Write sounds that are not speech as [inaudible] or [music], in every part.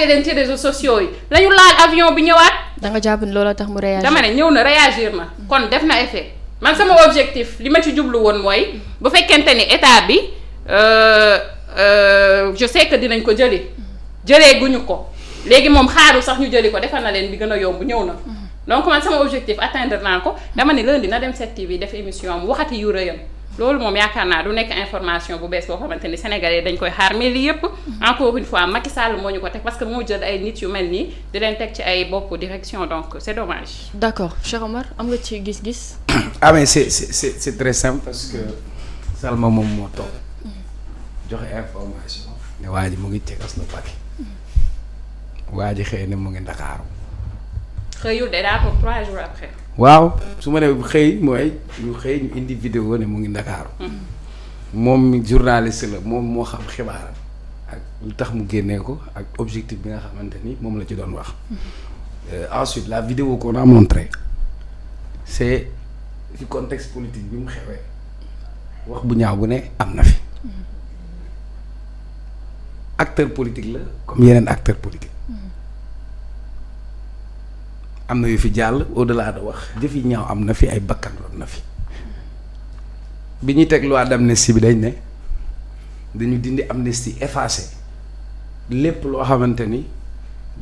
partagé leen ci réseaux sociaux yi la ñu laal avion bi ñëwaat. da jàpp ni looloo tax mu réagir. dama ne ñëw na réagir na. Mm. kon def na effet man sama objectif li ma ci jublu woon mooy mm. bu fekkente ni état bi euh, euh, je sais que dinañ ko jëli mm. jëlee guñu ko léegi moom xaaru sax ñu jëli ko defal na leen bi gën a yomb ñëw na. donc man sama objectif atteindre naa ko dama ne lundi na dem 7TV def émission am waxati yu rëyam. loolu moom yaakaar naa du nekk information bu bees boo xamante ni sénégalais dañ koy xaar mais li yëpp encore une fois Macky Sall moo ñu ko teg parce que moo jël ay nit yu mel nii di leen teg ci ay bokk direction donc c'est dommage. d'accord Cheikh Omar am nga ci gis-gis. [coughs] ah mais c'est c'est c'est parce que Salma moom moo toog joxe information ne waa ji mu ngi cegas lu pàcc mm. waa ji xëy na mu ngi Ndakaaru. xëyul de daa toog trois jours après. waaw su ma nee xëy mooy ñu xëy ñu indi vidéo ne mu ngi Ndakaaru mm-hmm. moom journaliste la moom moo xam xibaaram ak lu tax mu génnee ko ak objectif bi nga xamante ni moom la ci doon wax mm-hmm. euh, ensuite la vidéo qu'on a montré c'est ci contexte politique bi mu xewee wax bu ñaaw bu ne am na fi mm-hmm. acteur politique la comme yeneen acteur politique am na yu fi jàll au delà de wax jëf yi ñaaw am na fi ay bakkan loon na fi bi ñuy teg loi d'amnistie bi dañ ne dañu dindi amnistie effacé lépp loo xamante ni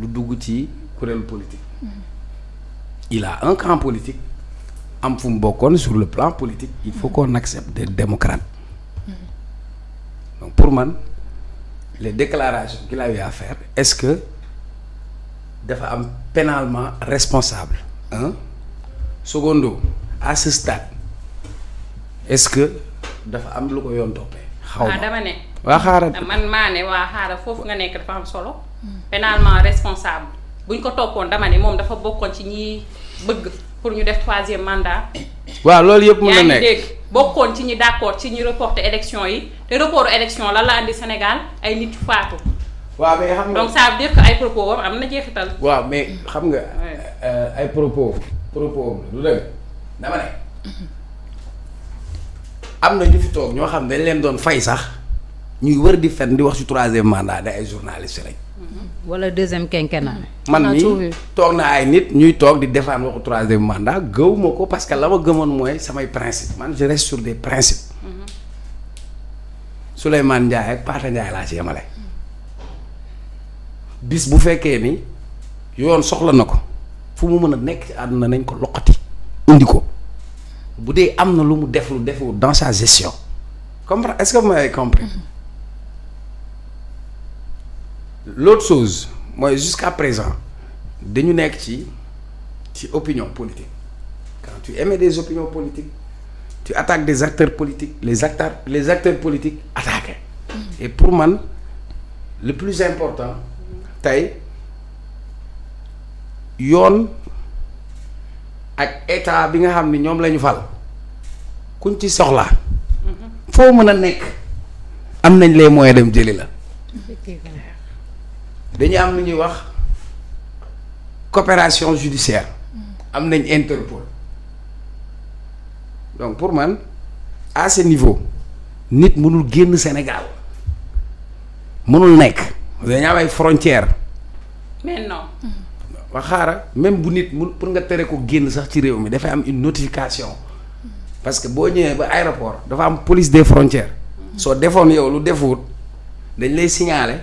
lu dugg ci kuréel politique il a un am fu bokkoon sur le plan politique il faut qu'on nag des démocrates donc pour man les déclarations qu'il a eu à est-ce que dafa am penalement responsable un secondo à ce est-ce que dafa am lu ko yoon toppee. xaw ma ah, dama ne. waa xaaral ah, man maa ne waa xaaral foofu nga nekk dafa am solo. pénalement responsable buñ ko toppoon dama ne moom dafa bokkoon ci ñi bëgg pour ñu def troisième mandat. waaw loolu yëpp mën a nekk bokkoon ci ñi d'accord ci ñi reporter élection yi te report élection lan la andi Sénégal ay nit faatu. waaw mais xam nga donc ay propos am am na jeexital. waaw mais xam nga. Euh, ay propos. propos am la dama ne am na ñu fi toog ñoo xam dañ leen doon fay sax ñuy wër di fen di wax ci troisième mandat day ay journaliste lañ. Mm-hmm. wala deuxième quinquennat. Mm-hmm. man mii toog na ay nit ñuy toog di défendre waxu troisième mandat gëw ma ko parce que la ma gëmoon mooy samay principe man je reste sur des principes. Mm-hmm. Souleymane Ndiaye ak Paata Ndiaye laa ci yemale. bis bu fekkee ni yoon soxla na ko fu mu mën a nekk ci àdduna nañ ko loqati indi ko bu dee am na lu mu def lu dans sa gestion comprendre est-ce que vous m'avez compris mm-hmm. l'autre mooy jusqu'à présent dañu nekk ci ci opinion politique quand tu émets des opinions politiques tu attaques des acteurs politiques les acteurs les acteurs politiques attaqués mm-hmm. et pour man le plus important tey yoon ak état bi nga xam ni ñoom la ñu fal kuñ ci soxla foo mën a nekk am nañ les moyens dem jëli la dañu am lu ñuy wax coopération judiciaire am nañ Interpol donc pour man à ce niveau nit mënul génn Sénégal mënul nekk dañu am ay frontières. mais non. ba même bu nit mu pour nga tere ko génn sax ci réew mi dafay am une notification parce que boo ñëwee ba aéroport dafa am police des frontières. soo defoon yow lu defuut dañ lay signaler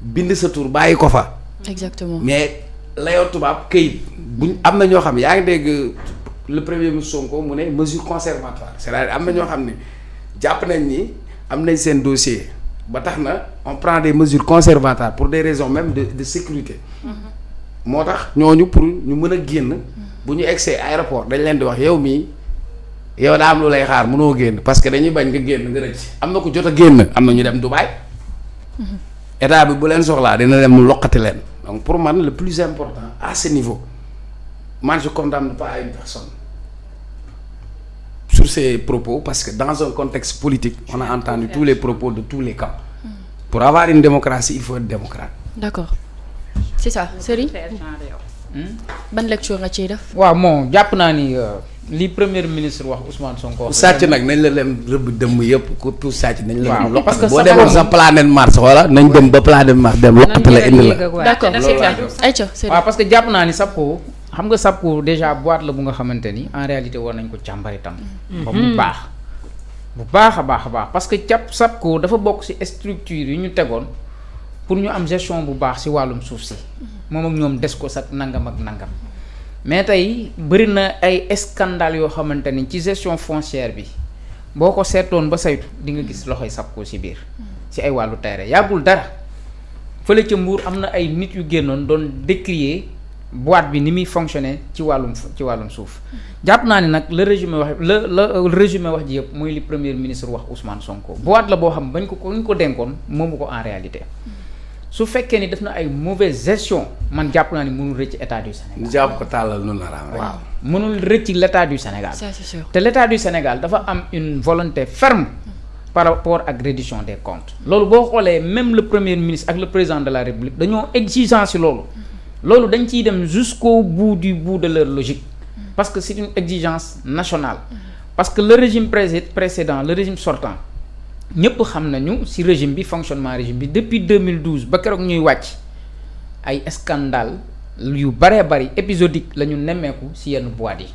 bind sa tour bàyyi ko fa. exactement mais layoo tubaab këyit buñ am na ñoo xam yaa ngi dégg le premier ministre Sonko mu ne mesure conservatoire c'est-à-dire am na ñoo xam ne jàpp nañ ni am nañ seen dossier. ba tax na on prend des mesure conservatoires pour des raisons même de de sécurité. moo tax ñooñu pour ñu mën a génn. bu ñu egsee aéroport dañ leen di wax yow mii yow na am lu lay xaar mënoo génn parce que dañuy bañ nga génn nga rëcc. am na ko jot a génn am na ñu dem Dubaï. état bi bu leen soxlaa dina dem mu loqati leen donc pour man le plus important à ce niveau man je condamne pas une personne. sur parce que dans un contexte politique on a entendu tous les propos de tous les camps hmm. pour avoir une démocratie il faut démocrate. d'accord c'est ça Serigne. Hmm? Hmm? ban lecture nga ciy def. waaw bon jàpp naa ni euh, li premier ministre wax Ousmane Sonko. ku sàcc nag nañ la leen rëbb dëmm yëpp ku ku sàcc nañ la. waaw parce que sa planète Mars wala nañ dem ba la indi la d'accord c'est clair. ayca parce que jàpp naa ni Sappo. xam nga SAPCO déjà boîte la bu nga xamante ni en réalité war nañ ko càmbari tam. Mm-hmm. ba mu mm-hmm. baax bu baax a baax a baax parce que cap koo dafa bokk ci structure yu ñu tegoon pour ñu am gestion bu baax ci wàllum suuf si mm-hmm. moom ak ñoom des ko sax nangam ak nangam mais tey bëri na ay scandale yoo xamante ni ci gestion foncière bi boo ko seetoon ba saytu di nga gis loxoy SAPCO ci biir si ay wàllu terre yàggul dara fële ca Mbuur am na ay nit yu génnoon doon décrier boîte bi ni muy fonctionner ci wàllum ci wàllum suuf jàpp naa ne nag le résumé wax la la résumé wax ji yëpp muy li premier ministre wax Ousmane Sonko boîte la boo xam bañ ko ko ñu ko denkoon moomu ko en réalité su fekkee ni def na ay mauvaise gestion man jàpp naa ni mënul rëcc état du Sénégal. jàpp ko tàllal nu naraam waaw mënul rëcc l' état du Sénégal. ça c'est te l' du Sénégal dafa am une volonté ferme. par rapport ak reddition des comptes. loolu boo xoolee même le premier ministre ak le président de la république dañoo exigeant si loolu. loolu dañ ciy dem jusqu'au bout du bout de leur logique parce que c'est une exigence nationale parce que le régime précédent le régime sortant ñëpp xam nañu ci régime bi fonctionnement régime bi depuis 2012 ba keroog ñuy wàcc ay scandale yu bëree bëri épisodique la ñu nemmeeku ci yenn boîte yi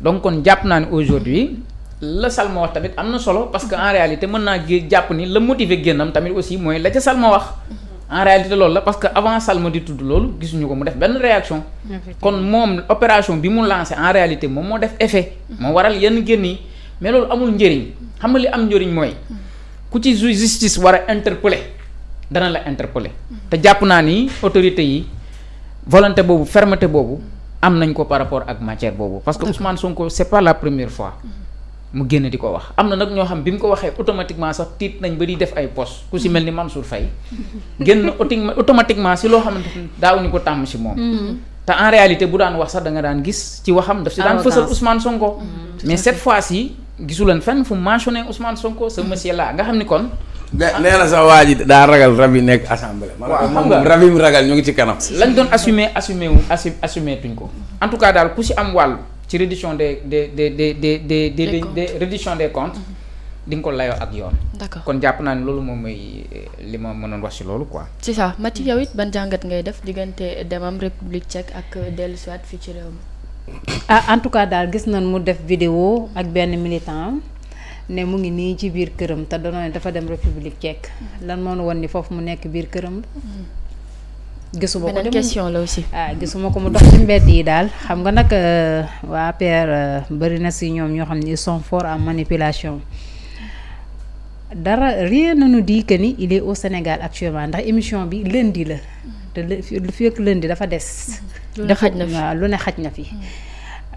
donc kon jàpp naa ne aujourd'hui la Salma wax tamit am na solo parce que en réalité mën naa jàpp ni la motiver génnam tamit aussi mooy la ca Salma wax en réalité loolu la parce que avant Salma di tudd loolu gisuñu ko mu def benn réaction. kon moom opération bi mu lancé en réalité moom moo def effet. moo waral yenn génn yi mais loolu amul njëriñ xam nga li am njëriñ mooy ku ci justice war a interpeller dana la interpeller te jàpp naa ni autorité yi volonté boobu fermeté boobu am nañ ko par rapport ak matière boobu parce que Ousmane Sonko c'est pas la première fois. mu génn di ko wax am na nag ñoo xam bi mu ko waxee automatiquement sax tiit nañ ba di def ay post ku si mel ni Mansour Faye génn automatiquement si loo xamante ni daawuñu ko tàmm si moom. Mm-hmm. te en bu daan wax sax da nga daan gis ci waxam daf si daan fësal Ousmane Sonko. Mm-hmm. mais cette fois ci gisuleen fenn fu mentionné Ousmane Sonko ce mm-hmm. monsieur là nga xam ni kon. nee na sax waa daa ragal rab yi nekk assemblée. waaw xam nga rab yi mu ragal ñu ngi ci kanam. lañ doon assumer assumer wu assumer tuñ ko. en tout cas daal ku am wàll. ci reddition des des des des des des des des reddition des comptes mhm. di nga ko layoo ak yoon. d'accord kon jàpp naa ne loolu moom mooy eh, li ma mënoon wax ci loolu quoi. c'est ça Maty yow it ban jàngat ngay def diggante demam république tchèque ak dellusiwaat fii ci réew mi. ah en tout cas daal gis nañ mu def vidéo ak benn militant ne mu ngi nii ci biir këram te danoo ne dafa dem république tchèque mhm. lan moo nu woon ni foofu mu nekk biir këram. Mhm. gisuma ko la aussi. ah ko mu dox ci mbedd yi daal xam nga nag euh, waa APR euh, bëri na si ñoom ñoo xam ne ils sont forts manipulation dara rien ne nous dit que ni il est au Sénégal actuellement ndax émission bi lundi la te lu fekk lundi dafa des. lu ne xaj na fi waaw lu ne xaj na fi.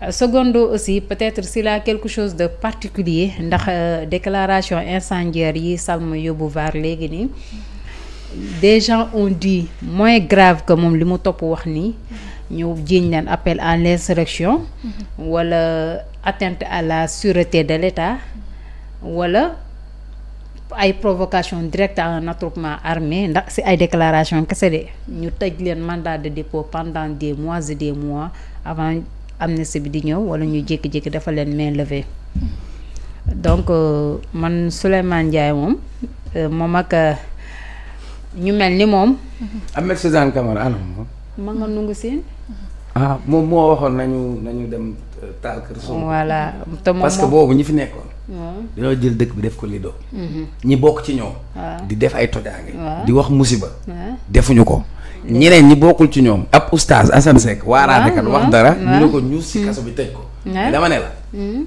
secondo aussi peut-être s'il a quelque chose de particulier ndax euh, déclaration incendiaire yi Salma yóbbu vaar léegi nii. des gens ont dit moins grave que moom li mu topp wax nii ñu jiiñ leen appel à l'insurrection wala atteinte à la sûreté de l'État wala ay provocation directe à un attroupement armé ndax si ay déclaration kese de ñu tëj leen mandat de dépôt pendant des mois et des mois avant am amnistie bi di ñëw wala ñu jékki-jékki dafa leen main levée mm-hmm. donc euh, man Souleymane Ndiaye moom euh, moom ak euh, ñu mel ni moom. Ahmed Suzanne Camara anam moom. ma nga nungu ah, moom moo waxoon nañu nañu dem euh, taal kër Sonko. voilà te moom parce boobu ñi fi nekkoon. dañoo jël dëkk bi def ko lido. Mhm. ñi bokk ci ñoom. di def ay tojaange. di wax musiba. defuñu ko. ñeneen ñi bokkul ci ñoom. ab oustaz Assane Seck. waaraate kat wax dara. ñu ko ñu si mm. kaso bi tëj ko. dama ne la. Mm.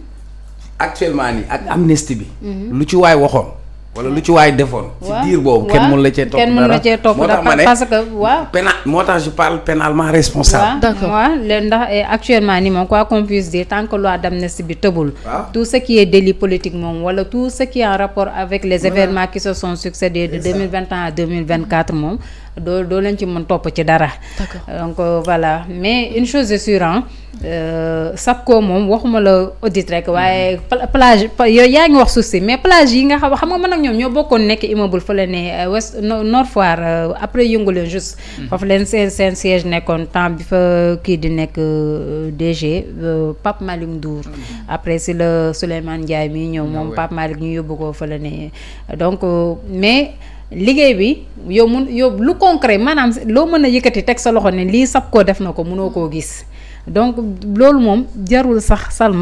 actuellement nii ak amnistie bi. Mm-hmm. lu ci waay waxoon. wala lu ci waay defoon. ci diir boobu kenn mën la cee. topp dara parce que waaw. pénal moo tax je parle pénalement responsable. d'accord waaw ndax eh, actuellement ni moom quoi qu'on puisse dire tant que bi tëbul. tout ce délit politique moom wala tout ce qui est en rapport avec les événements qui se sont succédés de 2021 à 2024 moom. doo doo leen ci mën topp ci dara. donc voilà mais une chose est sûre ah. SAPCO moom waxuma la audit rek waaye plage yooyu yaa ngi wax suuf si mais plage yi nga xam xam nga man nag ñoom ñoo bokkoon nekk fa fële ne Ouest euh, Nord Foire euh, après yëngu leen juste. Hmm. foofu leen seen seen siège nekkoon temps bi fa kii di nekk DG Pape Malick Ndour. Hmm. après si la Souleymane Ndiaye mii ñëw ah moom Pape Malick ñu yóbbu ko fële ne donc mais. liggéey bi yow mun yow lu concret maanaam loo mën a yëkkati teg sa loxo ne lii sab koo def na ko mënoo koo gis donc loolu moom jarul sax Salma